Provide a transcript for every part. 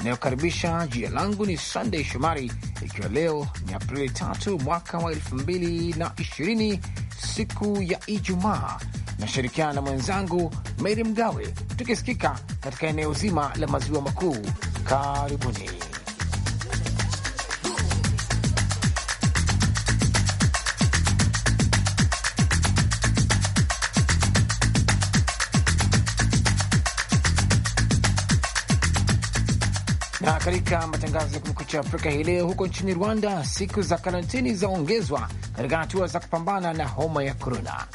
inayokaribisha. Jina langu ni Sunday Shomari, ikiwa leo ni Aprili tatu mwaka wa elfu mbili na ishirini siku ya Ijumaa, nashirikiana na mwenzangu Meri Mgawe, tukisikika katika eneo zima la maziwa makuu. Karibuni. Na katika matangazo ya Kumekucha Afrika hii leo, huko nchini Rwanda siku za karantini zaongezwa katika hatua za kupambana na homa ya korona.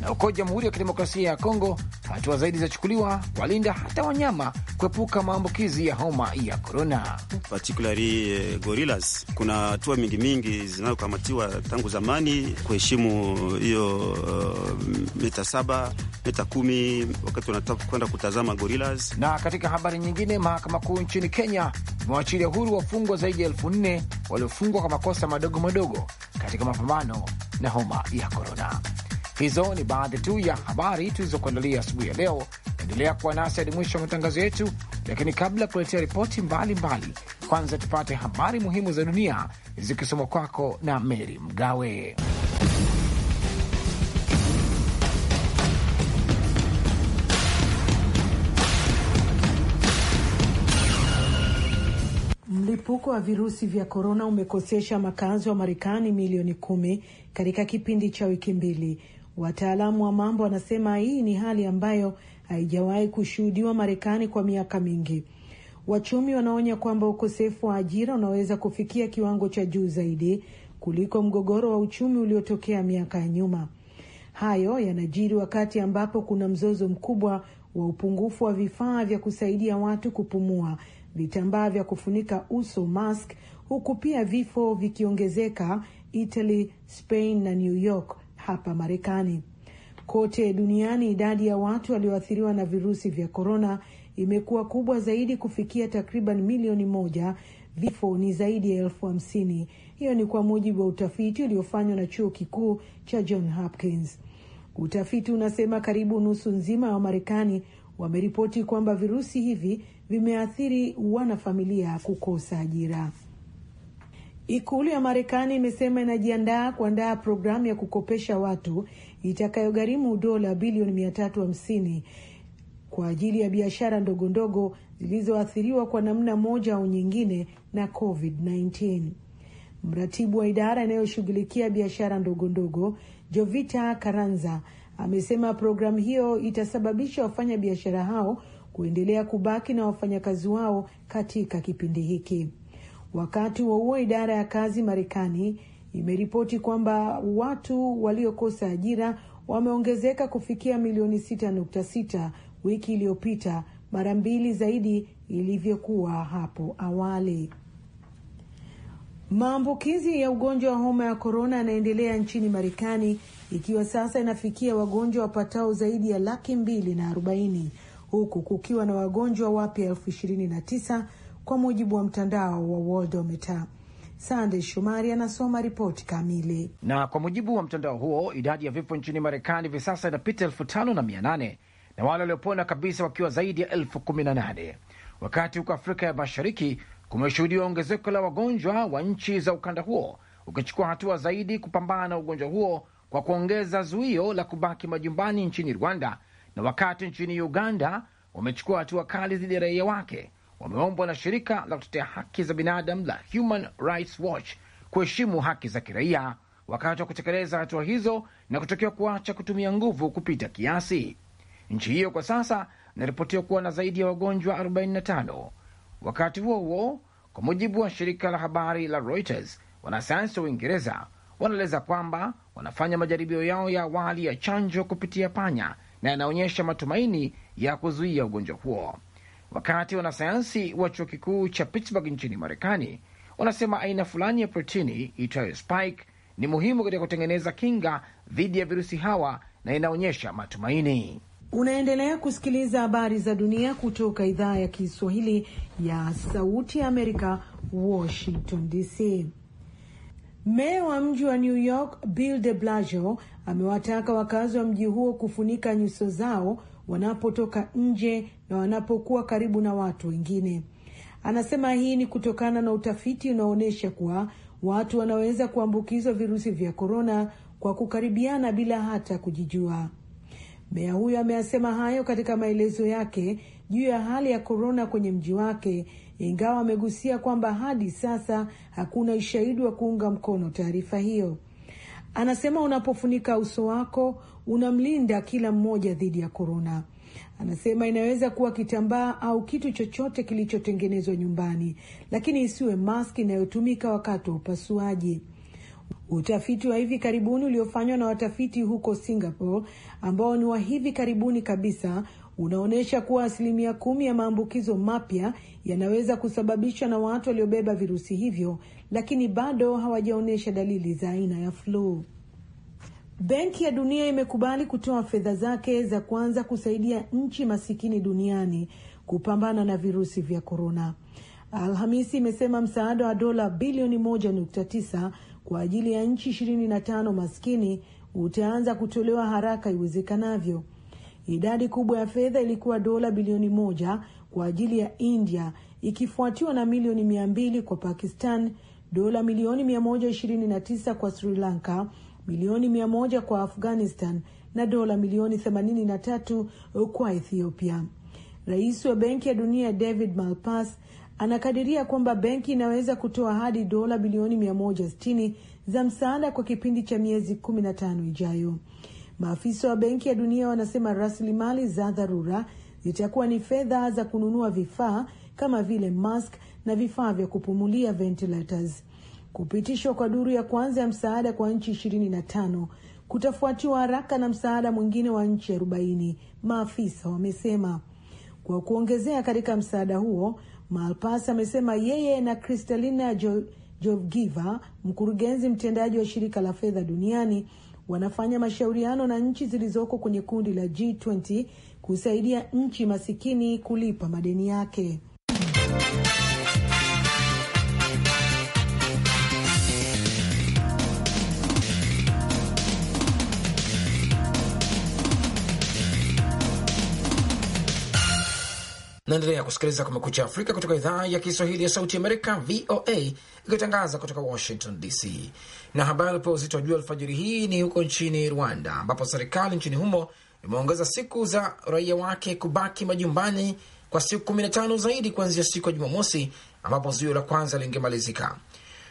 Na huko Jamhuri ya Kidemokrasia ya Kongo, hatua zaidi zinachukuliwa kuwalinda hata wanyama kuepuka maambukizi ya homa ya korona, particulari eh, gorillas. Kuna hatua mingi mingi zinazokamatiwa tangu zamani kuheshimu hiyo uh, mita saba mita kumi wakati wanataka kwenda kutazama gorillas. Na katika habari nyingine, mahakama kuu nchini Kenya imewachilia huru wafungwa zaidi ya elfu nne waliofungwa kwa makosa madogo madogo katika mapambano na homa ya korona. Hizo ni baadhi tu ya habari tulizokuandalia asubuhi ya leo. Endelea kuwa nasi hadi mwisho wa matangazo yetu, lakini kabla ya kuletea ripoti mbalimbali, kwanza tupate habari muhimu za dunia zikisomwa kwako na Meri Mgawe. Mlipuko wa virusi vya korona umekosesha makazi wa Marekani milioni kumi katika kipindi cha wiki mbili Wataalamu wa mambo wanasema hii ni hali ambayo haijawahi kushuhudiwa Marekani kwa miaka mingi. Wachumi wanaonya kwamba ukosefu wa ajira unaweza kufikia kiwango cha juu zaidi kuliko mgogoro wa uchumi uliotokea miaka ya nyuma. Hayo yanajiri wakati ambapo kuna mzozo mkubwa wa upungufu wa vifaa vya kusaidia watu kupumua, vitambaa vya kufunika uso mask, huku pia vifo vikiongezeka Italy, Spain na New York hapa Marekani. Kote duniani idadi ya watu walioathiriwa na virusi vya korona imekuwa kubwa zaidi kufikia takriban milioni moja. Vifo ni zaidi ya elfu hamsini. Hiyo ni kwa mujibu wa utafiti uliofanywa na chuo kikuu cha John Hopkins. Utafiti unasema karibu nusu nzima ya Wamarekani wameripoti kwamba virusi hivi vimeathiri wanafamilia kukosa ajira. Ikulu ya Marekani imesema inajiandaa kuandaa programu ya kukopesha watu itakayogharimu dola bilioni mia tatu hamsini kwa ajili ya biashara ndogo ndogo zilizoathiriwa kwa namna moja au nyingine na COVID-19. Mratibu wa idara inayoshughulikia biashara ndogo ndogo Jovita Karanza amesema programu hiyo itasababisha wafanya biashara hao kuendelea kubaki na wafanyakazi wao katika kipindi hiki. Wakati wa huo, idara ya kazi Marekani imeripoti kwamba watu waliokosa ajira wameongezeka kufikia milioni 6.6 wiki iliyopita, mara mbili zaidi ilivyokuwa hapo awali. Maambukizi ya ugonjwa wa homa ya korona yanaendelea nchini Marekani, ikiwa sasa inafikia wagonjwa wapatao zaidi ya laki mbili na arobaini huku kukiwa na wagonjwa wapya elfu ishirini na tisa kwa mujibu wa mtandao wa Worldometer. Sande Shomari anasoma ripoti kamili. Na kwa mujibu wa mtandao huo, idadi ya vifo nchini Marekani hivi sasa inapita elfu tano na mia nane na wale waliopona kabisa wakiwa zaidi ya elfu kumi na nane wakati huko Afrika ya Mashariki kumeshuhudiwa ongezeko la wagonjwa wa nchi za ukanda huo ukichukua hatua zaidi kupambana na ugonjwa huo kwa kuongeza zuio la kubaki majumbani nchini Rwanda, na wakati nchini Uganda wamechukua hatua kali dhidi ya raia wake wameombwa na shirika la kutetea haki za binadamu la Human Rights Watch kuheshimu haki za kiraia wakati wa kutekeleza hatua hizo na kutokea kuacha kutumia nguvu kupita kiasi. Nchi hiyo kwa sasa inaripotiwa kuwa na zaidi ya wagonjwa 45. Wakati huo huo, kwa mujibu wa shirika la habari la Reuters, wanasayansi wa Uingereza wanaeleza kwamba wanafanya majaribio yao ya awali ya chanjo kupitia panya na yanaonyesha matumaini ya kuzuia ugonjwa huo wakati wanasayansi wa chuo kikuu cha Pittsburgh nchini Marekani wanasema aina fulani ya protini itwayo spike ni muhimu katika kutengeneza kinga dhidi ya virusi hawa na inaonyesha matumaini. Unaendelea kusikiliza habari za dunia kutoka idhaa ya Kiswahili ya Sauti ya Amerika, Washington DC. Meya wa mji wa New York Bill de Blasio amewataka wakazi wa mji huo kufunika nyuso zao wanapotoka nje na wanapokuwa karibu na watu wengine. Anasema hii ni kutokana na utafiti unaoonyesha kuwa watu wanaweza kuambukizwa virusi vya korona kwa kukaribiana bila hata kujijua. Meya huyo ameyasema hayo katika maelezo yake juu ya hali ya korona kwenye mji wake, ingawa amegusia kwamba hadi sasa hakuna ushahidi wa kuunga mkono taarifa hiyo. Anasema unapofunika uso wako unamlinda kila mmoja dhidi ya korona. Anasema inaweza kuwa kitambaa au kitu chochote kilichotengenezwa nyumbani, lakini isiwe mask inayotumika wakati wa upasuaji. Utafiti wa hivi karibuni uliofanywa na watafiti huko Singapore, ambao ni wa hivi karibuni kabisa, unaonyesha kuwa asilimia kumi ya maambukizo mapya yanaweza kusababishwa na watu waliobeba virusi hivyo, lakini bado hawajaonyesha dalili za aina ya flu. Benki ya Dunia imekubali kutoa fedha zake za kwanza kusaidia nchi masikini duniani kupambana na virusi vya korona. Alhamisi imesema msaada wa dola bilioni 1.9 kwa ajili ya nchi 25 maskini utaanza kutolewa haraka iwezekanavyo. Idadi kubwa ya fedha ilikuwa dola bilioni moja kwa ajili ya India ikifuatiwa na milioni mia mbili kwa Pakistan, dola milioni 129 kwa Sri Lanka milioni mia moja kwa Afghanistan na dola milioni tatu kwa Ethiopia. Rais wa Benki ya Dunia David Malpass anakadiria kwamba benki inaweza kutoa hadi dola bilioni 160 za msaada kwa kipindi cha miezi tano ijayo. Maafisa wa Benki ya Dunia wanasema rasilimali za dharura zitakuwa ni fedha za kununua vifaa kama vile mask na vifaa vya kupumulia ventilators. Kupitishwa kwa duru ya kwanza ya msaada kwa nchi ishirini na tano kutafuatiwa haraka na msaada mwingine wa nchi arobaini, maafisa wamesema. Kwa kuongezea katika msaada huo, malpas amesema yeye na Kristalina Georgieva, mkurugenzi mtendaji wa shirika la fedha duniani, wanafanya mashauriano na nchi zilizoko kwenye kundi la G20 kusaidia nchi masikini kulipa madeni yake. Naendelea kusikiliza Kumekucha Afrika kutoka idhaa ya Kiswahili ya Sauti Amerika, VOA, ikitangaza kutoka Washington DC. Na habari alipewa uzito wa juu alfajiri hii ni huko nchini Rwanda, ambapo serikali nchini humo imeongeza siku za raia wake kubaki majumbani kwa siku kumi na tano zaidi kuanzia siku ya Jumamosi, ambapo zuio la kwanza lingemalizika.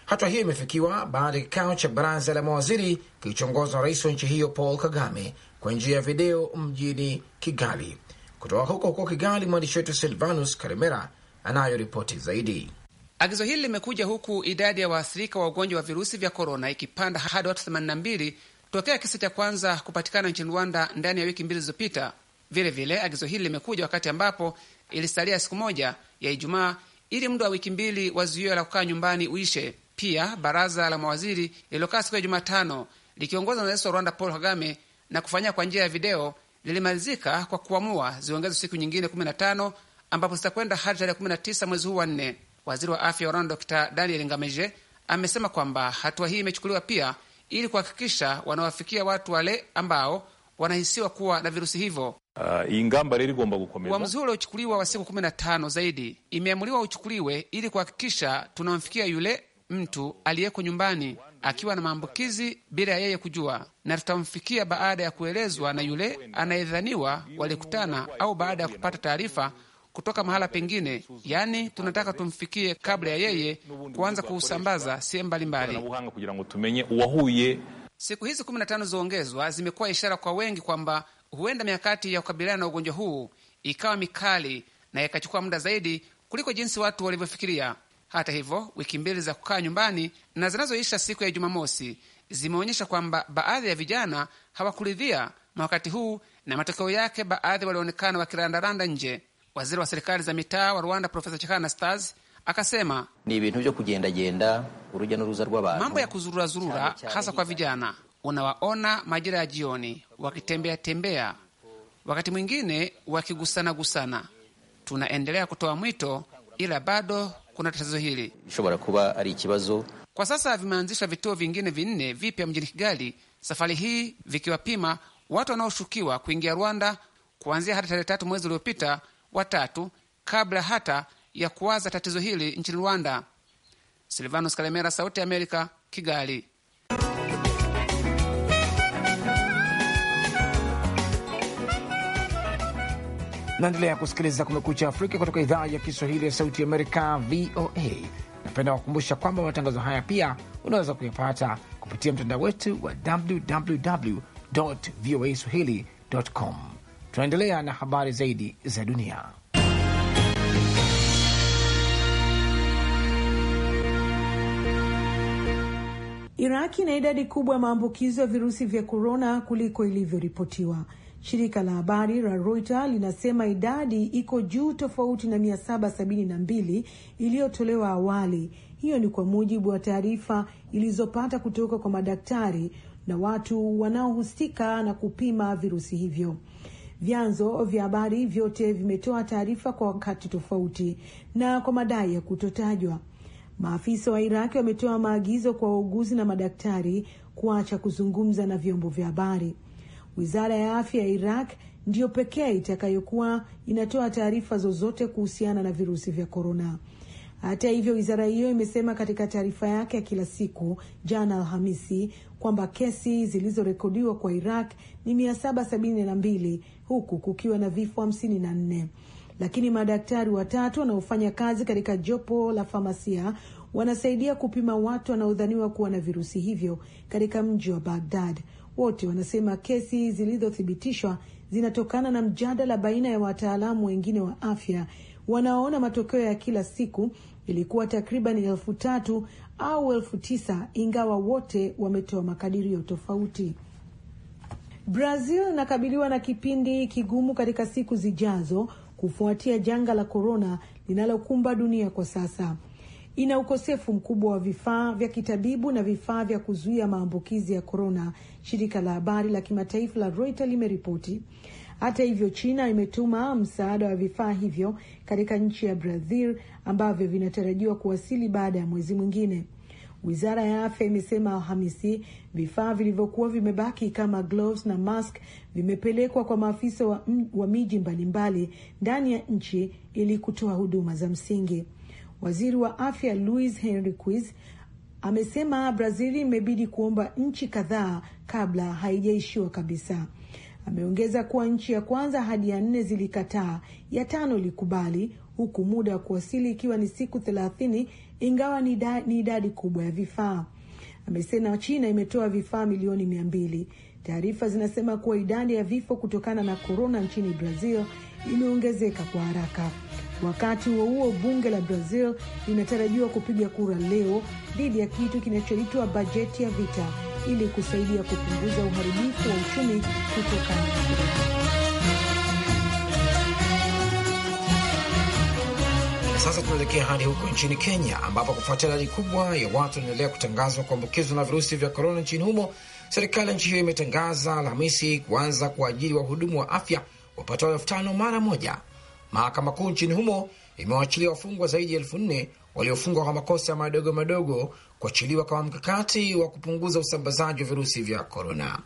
Hatua hiyo imefikiwa baada ya kikao cha baraza la mawaziri kilichoongozwa na rais wa nchi hiyo Paul Kagame kwa njia ya video mjini Kigali. Kutoka huko huko Kigali, mwandishi wetu Silvanus Karimera anayo ripoti zaidi. Agizo hili limekuja huku idadi ya waathirika wa ugonjwa wa virusi vya korona ikipanda hadi watu 82 tokea kisa cha kwanza kupatikana nchini Rwanda ndani ya wiki mbili zilizopita. Vilevile, agizo hili limekuja wakati ambapo ilisalia siku moja ya Ijumaa ili muda wa wiki mbili wa zuio la kukaa nyumbani uishe. Pia baraza la mawaziri lililokaa siku ya Jumatano likiongozwa na rais wa Rwanda Paul Kagame na kufanyia kwa njia ya video lilimalizika kwa kuamua ziongeze siku nyingine 15 ambapo zitakwenda hadi tarehe 19 mwezi huu wa nne. Waziri wa afya wa Rwanda Dr Daniel Ngamije amesema kwamba hatua hii imechukuliwa pia ili kuhakikisha wanawafikia watu wale ambao wanahisiwa kuwa na virusi hivyo. Uh, uamuzi huo uliochukuliwa wa siku 15 zaidi imeamuliwa uchukuliwe ili kuhakikisha tunamfikia yule mtu aliyeko nyumbani akiwa na maambukizi bila yeye kujua, na tutamfikia baada ya kuelezwa na yule anayedhaniwa walikutana au baada ya kupata taarifa kutoka mahala pengine. Yaani, tunataka tumfikie kabla ya yeye kuanza kuusambaza sehemu mbalimbali. Siku hizi kumi na tano zilizoongezwa zimekuwa ishara kwa wengi kwamba huenda mikakati ya kukabiliana na ugonjwa huu ikawa mikali na ikachukua muda zaidi kuliko jinsi watu walivyofikiria. Hata hivyo, wiki mbili za kukaa nyumbani na zinazoisha siku ya Jumamosi zimeonyesha kwamba baadhi ya vijana hawakuridhia na wakati huu, na matokeo yake baadhi walionekana wakirandaranda nje. Waziri wa serikali za mitaa wa Rwanda Profesa Chakana Stars akasema ni ibintu vyo kugendagenda uruja n'uruza rw'abantu, mambo ya kuzururazurura hasa kwa vijana. Unawaona majira ya jioni wakitembea tembea, wakati mwingine wakigusana gusana. Tunaendelea kutoa mwito, ila bado kuna tatizo hili. Kwa sasa vimeanzisha vituo vingine vinne vipya mjini Kigali, safari hii vikiwapima watu wanaoshukiwa kuingia Rwanda kuanzia hata tarehe tatu mwezi uliopita watatu, kabla hata ya kuwaza tatizo hili nchini Rwanda. Silvanos Kalemera, Sauti ya Amerika, Kigali. Naendelea kusikiliza Kumekucha Afrika kutoka idhaa ya Kiswahili ya Sauti Amerika, VOA. Napenda kukumbusha kwamba matangazo haya pia unaweza kuyapata kupitia mtandao wetu wa www voa swahili.com. Tunaendelea na habari zaidi za dunia. Iraki ina idadi kubwa ya maambukizo ya virusi vya korona kuliko ilivyoripotiwa. Shirika la habari la Reuters linasema idadi iko juu tofauti na 772 iliyotolewa awali. Hiyo ni kwa mujibu wa taarifa ilizopata kutoka kwa madaktari na watu wanaohusika na kupima virusi hivyo. Vyanzo vya habari vyote vimetoa taarifa kwa wakati tofauti na kwa madai ya kutotajwa. Maafisa wa Iraki wametoa maagizo kwa wauguzi na madaktari kuacha kuzungumza na vyombo vya habari. Wizara ya afya ya Iraq ndiyo pekee itakayokuwa inatoa taarifa zozote kuhusiana na virusi vya korona. Hata hivyo, wizara hiyo imesema katika taarifa yake ya kila siku jana Alhamisi kwamba kesi zilizorekodiwa kwa Iraq ni 772 huku kukiwa na vifo 54 lakini madaktari watatu wanaofanya kazi katika jopo la famasia wanasaidia kupima watu wanaodhaniwa kuwa na virusi hivyo katika mji wa Baghdad. Wote wanasema kesi zilizothibitishwa zinatokana na mjadala baina ya wataalamu wengine wa afya wanaoona matokeo ya kila siku ilikuwa takriban elfu tatu au elfu tisa ingawa wote wametoa makadirio tofauti. Brazil inakabiliwa na kipindi kigumu katika siku zijazo kufuatia janga la korona linalokumba dunia kwa sasa ina ukosefu mkubwa wa vifaa vya kitabibu na vifaa vya kuzuia maambukizi ya korona, shirika la habari la kimataifa la Reuters limeripoti. Hata hivyo, China imetuma msaada wa vifaa hivyo katika nchi ya Brazil ambavyo vinatarajiwa kuwasili baada ya mwezi mwingine. Wizara ya afya imesema Alhamisi vifaa vilivyokuwa vimebaki kama gloves na mask vimepelekwa kwa maafisa wa, wa miji mbalimbali ndani ya nchi ili kutoa huduma za msingi. Waziri wa afya Luis quis amesema brazil imebidi kuomba nchi kadhaa kabla haijaishiwa kabisa. Ameongeza kuwa nchi ya kwanza hadi ya nne zilikataa, ya tano ilikubali, huku muda wa kuwasili ikiwa ni siku thelathini, ingawa ni idadi kubwa ya vifaa. Amesema China imetoa vifaa milioni mia mbili. Taarifa zinasema kuwa idadi ya vifo kutokana na korona nchini Brazil imeongezeka kwa haraka. Wakati huo huo, bunge la Brazil linatarajiwa kupiga kura leo dhidi ya kitu kinachoitwa bajeti ya vita ili kusaidia kupunguza uharibifu wa uchumi kutokana na Sasa tunaelekea hadi huko nchini Kenya, ambapo kufuatia idadi kubwa ya watu wanaendelea kutangazwa kuambukizwa na virusi vya korona nchini humo, serikali ya nchi hiyo imetangaza Alhamisi kuanza kuajiri wahudumu wa afya wapatao elfu tano mara moja Mahakama Kuu nchini humo imewachilia wafungwa zaidi ya elfu nne waliofungwa kwa makosa madogo madogo kuachiliwa kama mkakati wa kupunguza usambazaji wa virusi vya korona.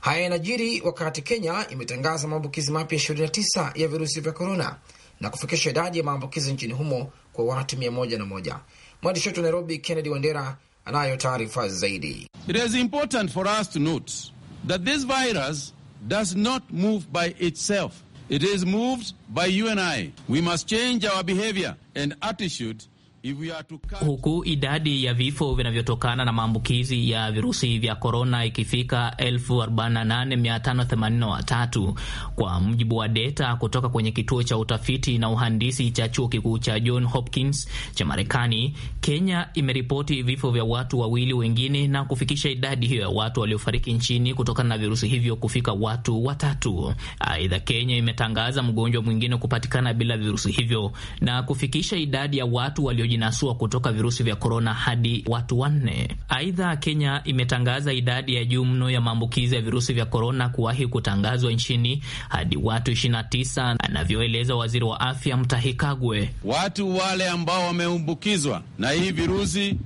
Haya yanajiri wakati Kenya imetangaza maambukizi mapya 29 ya virusi vya korona na kufikisha idadi ya maambukizi nchini humo kwa watu 101. Mwandishi wetu Nairobi, Kennedy Wandera, anayo taarifa zaidi. It is important for us to note that this virus does not move by itself. It is moved by you and I. We must change our behavior and attitude huku idadi ya vifo vinavyotokana na maambukizi ya virusi vya korona ikifika 48583 kwa mujibu wa deta kutoka kwenye kituo cha utafiti na uhandisi cha chuo kikuu cha John Hopkins cha Marekani. Kenya imeripoti vifo vya watu wawili wengine na kufikisha idadi hiyo ya watu waliofariki nchini kutokana na virusi hivyo kufika watu watatu. Aidha, Kenya imetangaza mgonjwa mwingine kupatikana bila virusi hivyo na kufikisha idadi ya watu walio wamejinasua kutoka virusi vya korona hadi watu wanne. Aidha, Kenya imetangaza idadi ya juu mno ya maambukizi ya virusi vya korona kuwahi kutangazwa nchini hadi watu 29, anavyoeleza waziri wa afya Mutahi Kagwe. Watu wale ambao wameambukizwa na hii virusi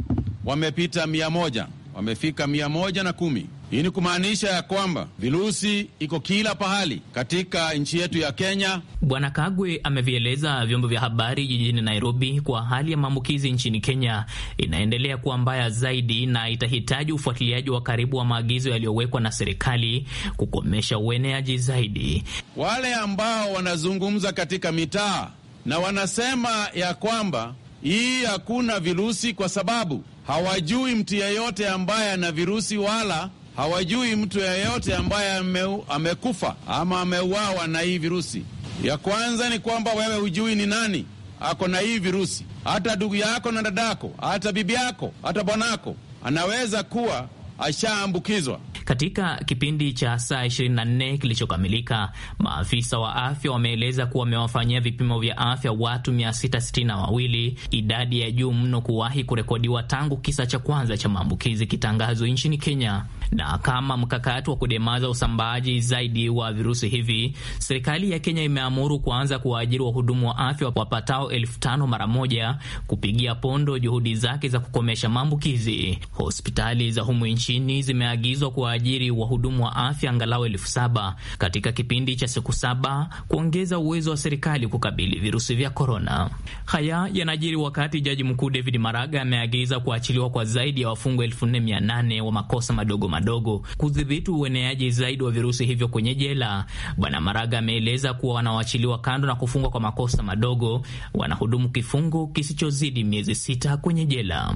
wamepita mia moja, wamefika mia moja na kumi hii ni kumaanisha ya kwamba virusi iko kila pahali katika nchi yetu ya Kenya. Bwana Kagwe amevieleza vyombo vya habari jijini Nairobi kwa hali ya maambukizi nchini Kenya inaendelea kuwa mbaya zaidi na itahitaji ufuatiliaji wa karibu wa maagizo yaliyowekwa na serikali kukomesha ueneaji zaidi. Wale ambao wanazungumza katika mitaa na wanasema ya kwamba hii hakuna virusi kwa sababu hawajui mtu yeyote ambaye ana virusi wala hawajui mtu yeyote ambaye ame, amekufa ama ameuawa na hii virusi. Ya kwanza ni kwamba wewe hujui ni nani ako na hii virusi. Hata ndugu yako na dadako, hata bibi yako, hata bwanako anaweza kuwa ashaambukizwa. Katika kipindi cha saa 24 kilichokamilika, maafisa wa afya wameeleza kuwa wamewafanyia vipimo vya afya watu 662, idadi ya juu mno kuwahi kurekodiwa tangu kisa cha kwanza cha maambukizi kitangazwe nchini Kenya. Na kama mkakati wa kudemaza usambaaji zaidi wa virusi hivi, serikali ya Kenya imeamuru kuanza kuwaajiri wahudumu wa afya wapatao elfu tano mara moja kupigia pondo juhudi zake za kukomesha maambukizi. Hospitali za humu nchini zimeagizwa kuwa kuwaajiri wahudumu wa afya angalau elfu saba katika kipindi cha siku saba kuongeza uwezo wa serikali kukabili virusi vya korona. Haya yanajiri wakati jaji mkuu David Maraga ameagiza kuachiliwa kwa zaidi ya wafungwa elfu nne mia nane wa makosa madogo madogo kudhibiti ueneaji zaidi wa virusi hivyo kwenye jela. Bwana Maraga ameeleza kuwa wanaoachiliwa kando na kufungwa kwa makosa madogo wanahudumu kifungo kisichozidi miezi sita kwenye jela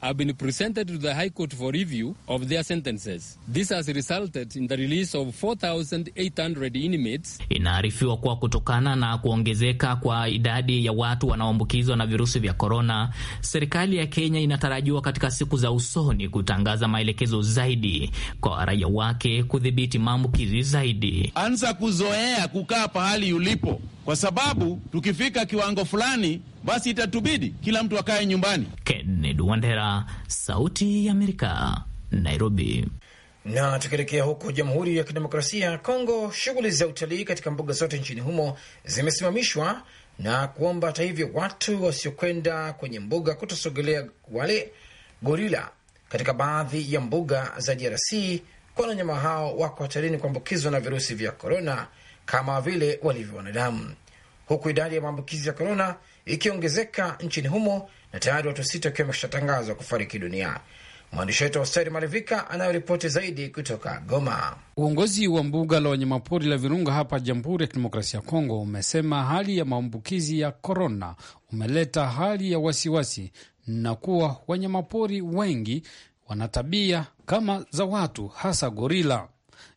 have been presented to the High Court for review of their sentences. This has resulted in the release of 4,800 inmates. Inaarifiwa kuwa kutokana na kuongezeka kwa idadi ya watu wanaoambukizwa na virusi vya korona, serikali ya Kenya inatarajiwa katika siku za usoni kutangaza maelekezo zaidi kwa raia wake kudhibiti maambukizi zaidi. Anza kuzoea kukaa pahali ulipo kwa sababu tukifika kiwango fulani, basi itatubidi kila mtu akae nyumbani. Kennedy Wandera, Sauti ya Amerika, Nairobi. Na tukielekea huko Jamhuri ya Kidemokrasia ya Kongo, shughuli za utalii katika mbuga zote nchini humo zimesimamishwa na kuomba hata hivyo watu wasiokwenda kwenye mbuga kutosogelea wale gorila katika baadhi ya mbuga za DRC, kwani wanyama hao wako hatarini kuambukizwa na virusi vya korona kama vile walivyo wanadamu, huku idadi ya maambukizi ya korona ikiongezeka nchini humo na tayari watu sita wakiwa wameshatangazwa kufariki dunia. Mwandishi wetu Hosteri Malivika anayoripoti zaidi kutoka Goma. Uongozi wa mbuga la wanyamapori la Virunga hapa Jamhuri ya Kidemokrasia ya Kongo umesema hali ya maambukizi ya korona umeleta hali ya wasiwasi na kuwa wanyamapori wengi wana tabia kama za watu, hasa gorila.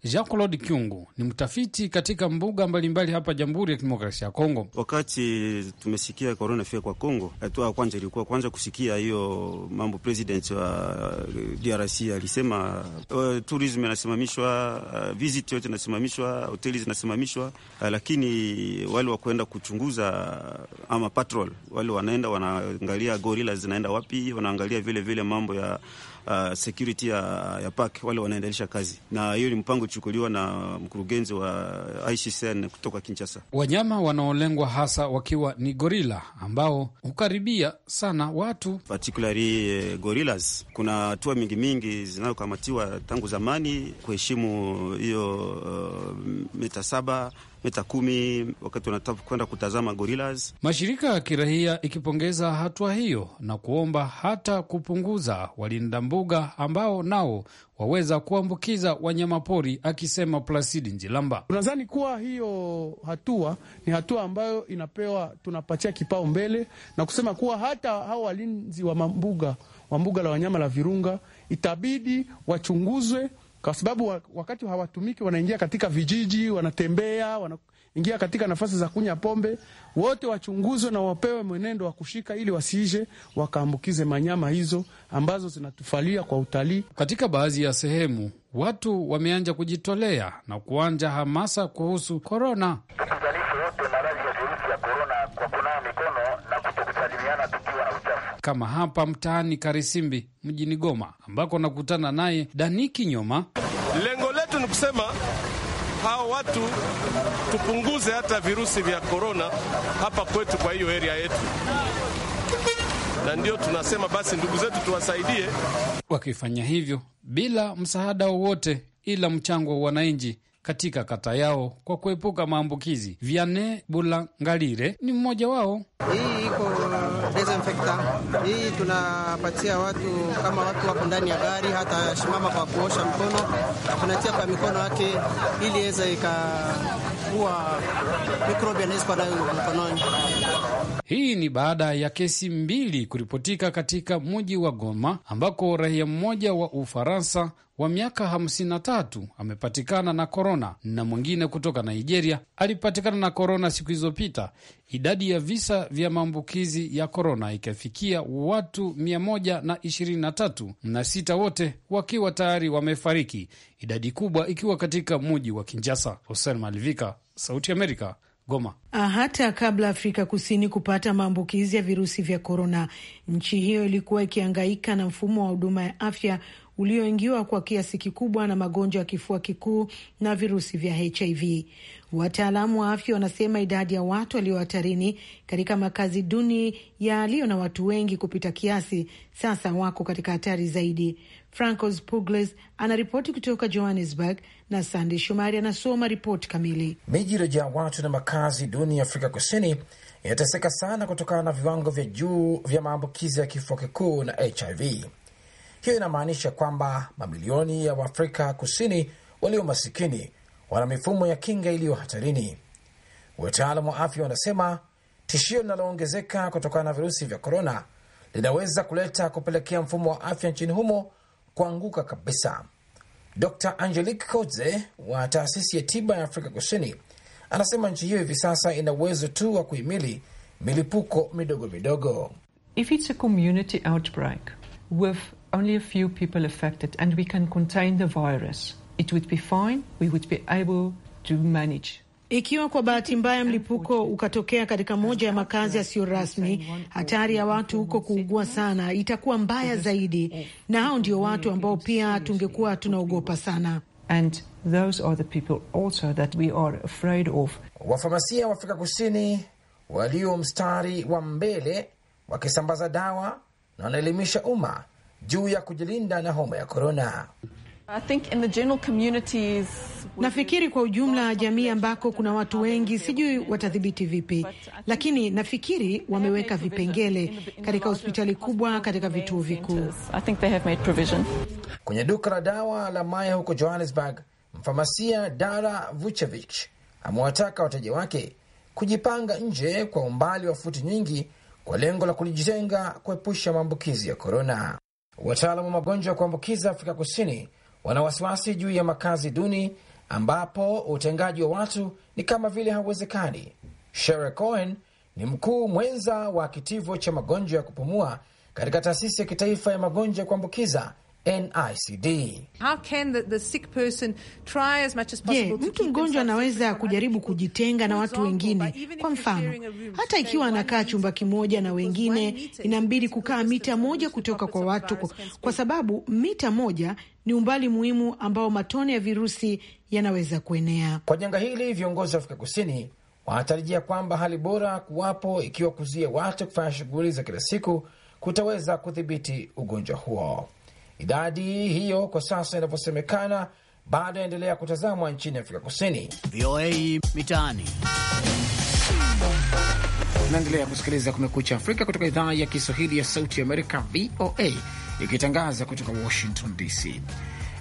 Jean Claude Kyungu ni mtafiti katika mbuga mbalimbali hapa Jamhuri ya Kidemokrasia ya Kongo. Wakati tumesikia korona fia kwa Kongo, hatua ya kwanza ilikuwa kwanza kusikia hiyo mambo president wa eh, DRC alisema uh, eh, tourism inasimamishwa, uh, eh, visit yote inasimamishwa, hoteli zinasimamishwa, uh, lakini wale wakuenda kuchunguza ama patrol wale wanaenda wanaangalia gorila zinaenda wapi, wanaangalia vilevile vile mambo ya uh, security ya, ya park wale wanaendelesha kazi, na hiyo ni mpango uchukuliwa na mkurugenzi wa ICCN kutoka Kinshasa. Wanyama wanaolengwa hasa wakiwa ni gorila ambao hukaribia sana watu, particularly eh, gorillas. Kuna hatua mingi mingi zinazokamatiwa tangu zamani kuheshimu hiyo uh, mita saba mita kumi wakati wanakwenda kutazama gorillas. Mashirika ya kirahia ikipongeza hatua hiyo na kuomba hata kupunguza walinda mbuga ambao nao waweza kuambukiza wanyamapori, akisema Plasidi Njilamba. Tunadhani kuwa hiyo hatua ni hatua ambayo inapewa tunapatia kipao mbele na kusema kuwa hata hao walinzi wa mbuga wa mbuga la wanyama la Virunga itabidi wachunguzwe kwa sababu wakati hawatumiki wanaingia katika vijiji, wanatembea, wanaingia katika nafasi za kunya pombe. Wote wachunguzwe na wapewe mwenendo wa kushika, ili wasiishe wakaambukize manyama hizo ambazo zinatufalia kwa utalii. Katika baadhi ya sehemu watu wameanja kujitolea na kuanja hamasa kuhusu korona. kama hapa mtaani Karisimbi mjini Goma, ambako nakutana naye Daniki Nyoma. Lengo letu ni kusema hao watu tupunguze hata virusi vya korona hapa kwetu, kwa hiyo eria yetu na ndio tunasema basi ndugu zetu tuwasaidie. Wakifanya hivyo bila msaada wowote ila mchango wa wananchi katika kata yao kwa kuepuka maambukizi. Viane Bulangalire ni mmoja wao. Hii iko desinfecta Hii tunapatia watu, kama watu wako ndani ya gari, hata shimama kwa kuosha mkono, tunatia kwa mikono yake ili iweze ikakuwa mikrobi anaweza kuwa nayo mkononi. Hii ni baada ya kesi mbili kuripotika katika mji wa Goma ambako raia mmoja wa Ufaransa wa miaka 53 amepatikana na korona na mwingine kutoka Nigeria alipatikana na korona siku zilizopita, idadi ya visa vya maambukizi ya korona ikafikia watu 123 na sita, wote wakiwa tayari wamefariki, idadi kubwa ikiwa katika mji wa Kinjasa. Hosen Malivika, Sauti Amerika, Goma. Ah, hata kabla Afrika Kusini kupata maambukizi ya virusi vya korona, nchi hiyo ilikuwa ikiangaika na mfumo wa huduma ya afya ulioingiwa kwa kiasi kikubwa na magonjwa ya kifua kikuu na virusi vya HIV. Wataalamu wa afya wanasema idadi ya watu walio hatarini katika makazi duni yaliyo na watu wengi kupita kiasi sasa wako katika hatari zaidi. Francos Pugles anaripoti kutoka Johannesburg na Sandey Shomari anasoma ripoti kamili. Miji iliyojaa watu na makazi duni ya Afrika Kusini inateseka sana kutokana na viwango vya juu vya maambukizi ya kifua kikuu na HIV. Hiyo inamaanisha kwamba mamilioni ya Waafrika Kusini walio masikini wana mifumo ya kinga iliyo hatarini. Wataalam wa afya wanasema tishio linaloongezeka kutokana na virusi vya korona linaweza kuleta kupelekea mfumo wa afya nchini humo kuanguka kabisa. Dr Angelique Kodze wa taasisi ya tiba ya Afrika Kusini anasema nchi hiyo hivi sasa ina uwezo tu wa kuhimili milipuko midogo midogo. If it's a community outbreak with only a few people affected and we can contain the virus, it would be fine, we would be able to manage ikiwa kwa bahati mbaya mlipuko ukatokea katika moja ya makazi yasiyo rasmi, hatari ya watu huko kuugua sana itakuwa mbaya zaidi, na hao ndio watu ambao pia tungekuwa tunaogopa sana. And those are the people also that we are afraid of. Wafamasia wa Afrika Kusini walio mstari wa mbele wakisambaza dawa na wanaelimisha umma juu ya kujilinda na homa ya korona. Nafikiri kwa ujumla jamii ambako kuna watu wengi, sijui watadhibiti vipi, lakini nafikiri wameweka vipengele katika hospitali kubwa, katika vituo vikuu. Kwenye duka la dawa la Maya huko Johannesburg, mfamasia Dara Vuchevich amewataka wateja wake kujipanga nje kwa umbali wa futi nyingi kwa lengo la kulijitenga kuepusha maambukizi ya korona. Wataalamu wa magonjwa ya kuambukiza Afrika Kusini wana wasiwasi juu ya makazi duni ambapo utengaji wa watu ni kama vile hauwezekani. Shere Cohen ni mkuu mwenza wa kitivo cha magonjwa ya kupumua katika taasisi ya kitaifa ya magonjwa ya kuambukiza NICD. Je, mtu mgonjwa anaweza kujaribu kujitenga na watu wengine? Kwa mfano, hata ikiwa anakaa chumba kimoja na wengine, inambidi kukaa mita moja kutoka kwa watu, kwa sababu mita moja ni umbali muhimu ambao matone ya virusi yanaweza kuenea. Kwa janga hili, viongozi wa Afrika Kusini wanatarajia kwamba hali bora kuwapo ikiwa kuzuia watu kufanya shughuli za kila siku kutaweza kudhibiti ugonjwa huo. Idadi hiyo kwa sasa inavyosemekana bado yaendelea kutazamwa nchini Afrika Kusini. VOA Mitaani naendelea kusikiliza Kumekucha Afrika kutoka idhaa ya Kiswahili ya Sauti ya Amerika, VOA, ikitangaza kutoka Washington DC.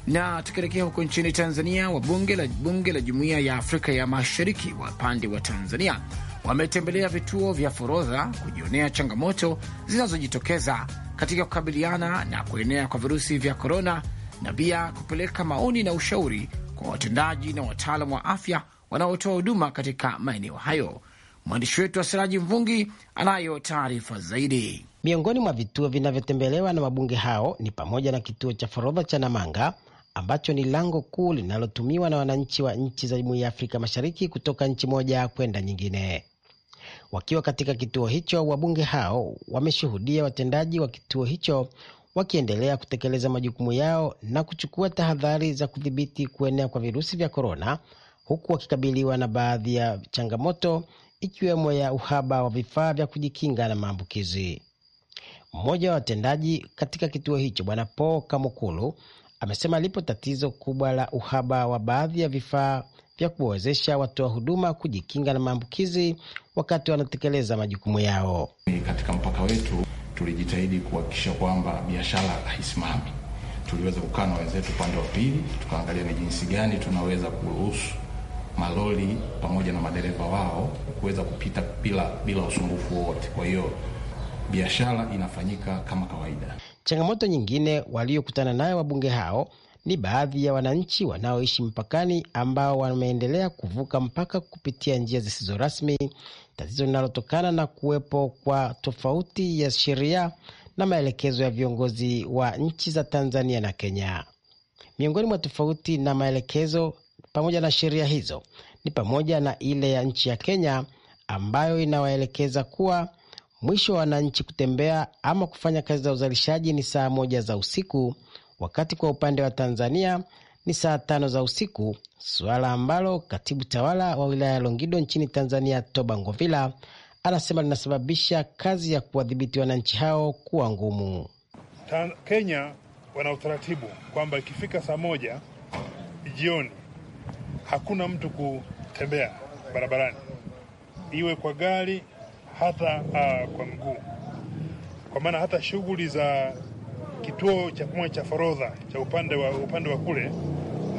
Na tukielekea huko nchini Tanzania, wabunge la bunge la Jumuiya ya Afrika ya Mashariki wa pande wa Tanzania wametembelea vituo vya forodha kujionea changamoto zinazojitokeza katika kukabiliana na kuenea kwa virusi vya korona na pia kupeleka maoni na ushauri kwa watendaji na wataalam wa afya wanaotoa huduma katika maeneo hayo. Mwandishi wetu wa Siraji Mvungi anayo taarifa zaidi. Miongoni mwa vituo vinavyotembelewa na wabunge hao ni pamoja na kituo cha forodha cha Namanga ambacho ni lango kuu linalotumiwa na wananchi wa nchi za Jumuiya ya Afrika Mashariki kutoka nchi moja kwenda nyingine. Wakiwa katika kituo hicho, wabunge hao wameshuhudia watendaji wa kituo hicho wakiendelea kutekeleza majukumu yao na kuchukua tahadhari za kudhibiti kuenea kwa virusi vya korona, huku wakikabiliwa na baadhi ya changamoto ikiwemo ya uhaba wa vifaa vya kujikinga na maambukizi. Mmoja wa watendaji katika kituo hicho Bwana Paul Kamukulu amesema lipo tatizo kubwa la uhaba wa baadhi ya vifaa vya kuwawezesha watoa huduma kujikinga na maambukizi wakati wanatekeleza majukumu yao. Katika mpaka wetu tulijitahidi kuhakikisha kwamba biashara haisimami. Tuliweza kukaa na wenzetu upande wa pili, tukaangalia ni jinsi gani tunaweza kuruhusu malori pamoja na madereva wao kuweza kupita bila, bila usumbufu wowote. Kwa hiyo biashara inafanyika kama kawaida. Changamoto nyingine waliokutana nayo wabunge hao ni baadhi ya wananchi wanaoishi mpakani ambao wameendelea kuvuka mpaka kupitia njia zisizo rasmi, tatizo linalotokana na kuwepo kwa tofauti ya sheria na maelekezo ya viongozi wa nchi za Tanzania na Kenya. Miongoni mwa tofauti na maelekezo pamoja na sheria hizo ni pamoja na ile ya nchi ya Kenya ambayo inawaelekeza kuwa mwisho wa wananchi kutembea ama kufanya kazi za uzalishaji ni saa moja za usiku, wakati kwa upande wa Tanzania ni saa tano za usiku, suala ambalo katibu tawala wa wilaya ya Longido nchini Tanzania Toba Ngovila anasema linasababisha kazi ya kuwadhibiti wananchi hao kuwa ngumu. Kenya wana utaratibu kwamba ikifika saa moja jioni hakuna mtu kutembea barabarani, iwe kwa gari hata uh, kwa mguu, kwa maana hata shughuli za kituo cha kumwe cha forodha cha upande wa, upande wa kule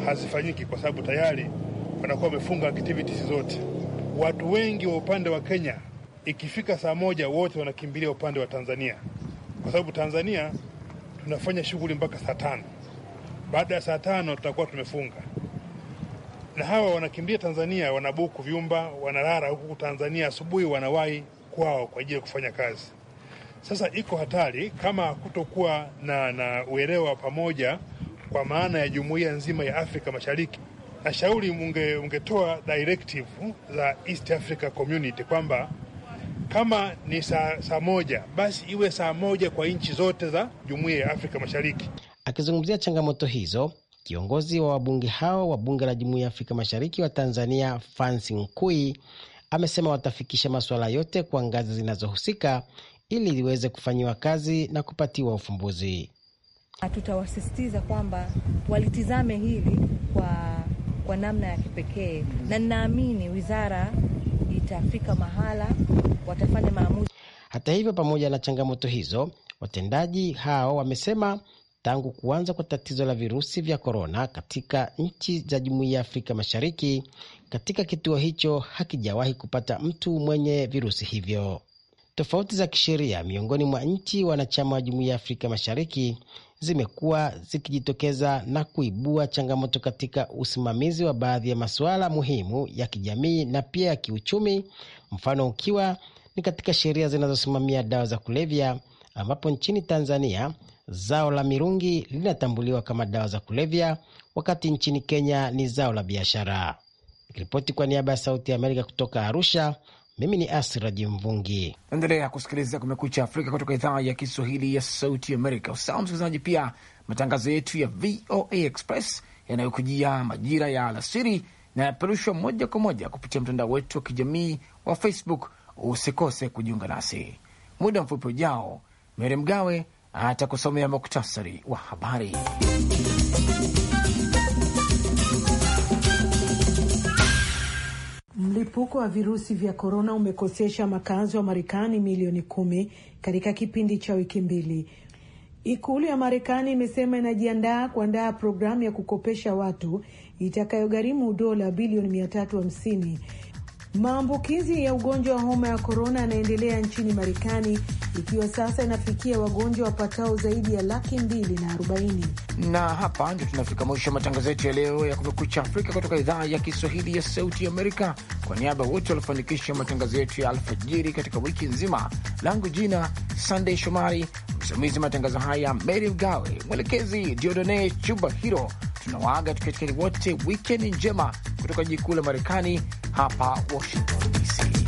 hazifanyiki kwa sababu tayari wanakuwa wamefunga activities zote. Watu wengi wa upande wa Kenya ikifika saa moja wote wanakimbilia upande wa Tanzania kwa sababu Tanzania tunafanya shughuli mpaka saa tano. Baada ya saa tano tutakuwa tumefunga, na hawa wanakimbia Tanzania, wanabuku vyumba, wanalala huku Tanzania, asubuhi wanawahi kwao kwa ajili ya kufanya kazi. Sasa iko hatari kama kutokuwa na, na uelewa pamoja kwa maana ya jumuiya nzima ya Afrika Mashariki. Nashauri munge, ungetoa directive za East Africa Community kwamba kama ni saa, sa moja basi iwe saa moja kwa nchi zote za jumuiya ya Afrika Mashariki. Akizungumzia changamoto hizo, kiongozi wa wabunge hao wa bunge la jumuiya ya Afrika Mashariki wa Tanzania Fansi Nkui amesema watafikisha masuala yote kwa ngazi zinazohusika ili liweze kufanyiwa kazi na kupatiwa ufumbuzi. Tutawasisitiza kwamba walitizame hili kwa, kwa namna ya kipekee, na ninaamini wizara itafika mahala watafanya maamuzi. Hata hivyo, pamoja na changamoto hizo, watendaji hao wamesema tangu kuanza kwa tatizo la virusi vya korona katika nchi za Jumuiya ya Afrika Mashariki, katika kituo hicho hakijawahi kupata mtu mwenye virusi hivyo tofauti za kisheria miongoni mwa nchi wanachama wa Jumuiya ya Afrika Mashariki zimekuwa zikijitokeza na kuibua changamoto katika usimamizi wa baadhi ya masuala muhimu ya kijamii na pia ya kiuchumi, mfano ukiwa ni katika sheria zinazosimamia dawa za kulevya, ambapo nchini Tanzania zao la mirungi linatambuliwa kama dawa za kulevya, wakati nchini Kenya ni zao la biashara. ikiripoti kwa niaba ya Sauti ya Amerika kutoka Arusha. Mimi ni Asiraji Mvungi. Endelea kusikiliza Kumekucha Afrika kutoka idhaa ya Kiswahili ya Sauti Amerika. Usahau msikilizaji, pia matangazo yetu ya VOA Express yanayokujia majira ya alasiri na yaperushwa moja kwa moja kupitia mtandao wetu wa kijamii wa Facebook. Usikose kujiunga nasi. Muda mfupi ujao, Mere Mgawe atakusomea muktasari wa habari. Mlipuko wa virusi vya korona umekosesha makazi wa Marekani milioni kumi katika kipindi cha wiki mbili. Ikulu ya Marekani imesema inajiandaa kuandaa programu ya kukopesha watu itakayogharimu dola bilioni 350 Maambukizi ya ugonjwa wa homa ya korona yanaendelea nchini Marekani, ikiwa sasa inafikia wagonjwa wapatao zaidi ya laki mbili na arobaini. Na hapa ndio tunafika mwisho wa matangazo yetu ya leo ya Kumekucha Afrika kutoka idhaa ya Kiswahili ya Sauti Amerika. Kwa niaba wote waliofanikisha matangazo yetu ya alfajiri katika wiki nzima, langu jina Sandey Shomari, msimamizi wa matangazo haya Mary Mgawe, mwelekezi Diodone Chuba Hiro tunawaaga tukiatikani wote wikendi njema kutoka jikuu la Marekani hapa Washington DC.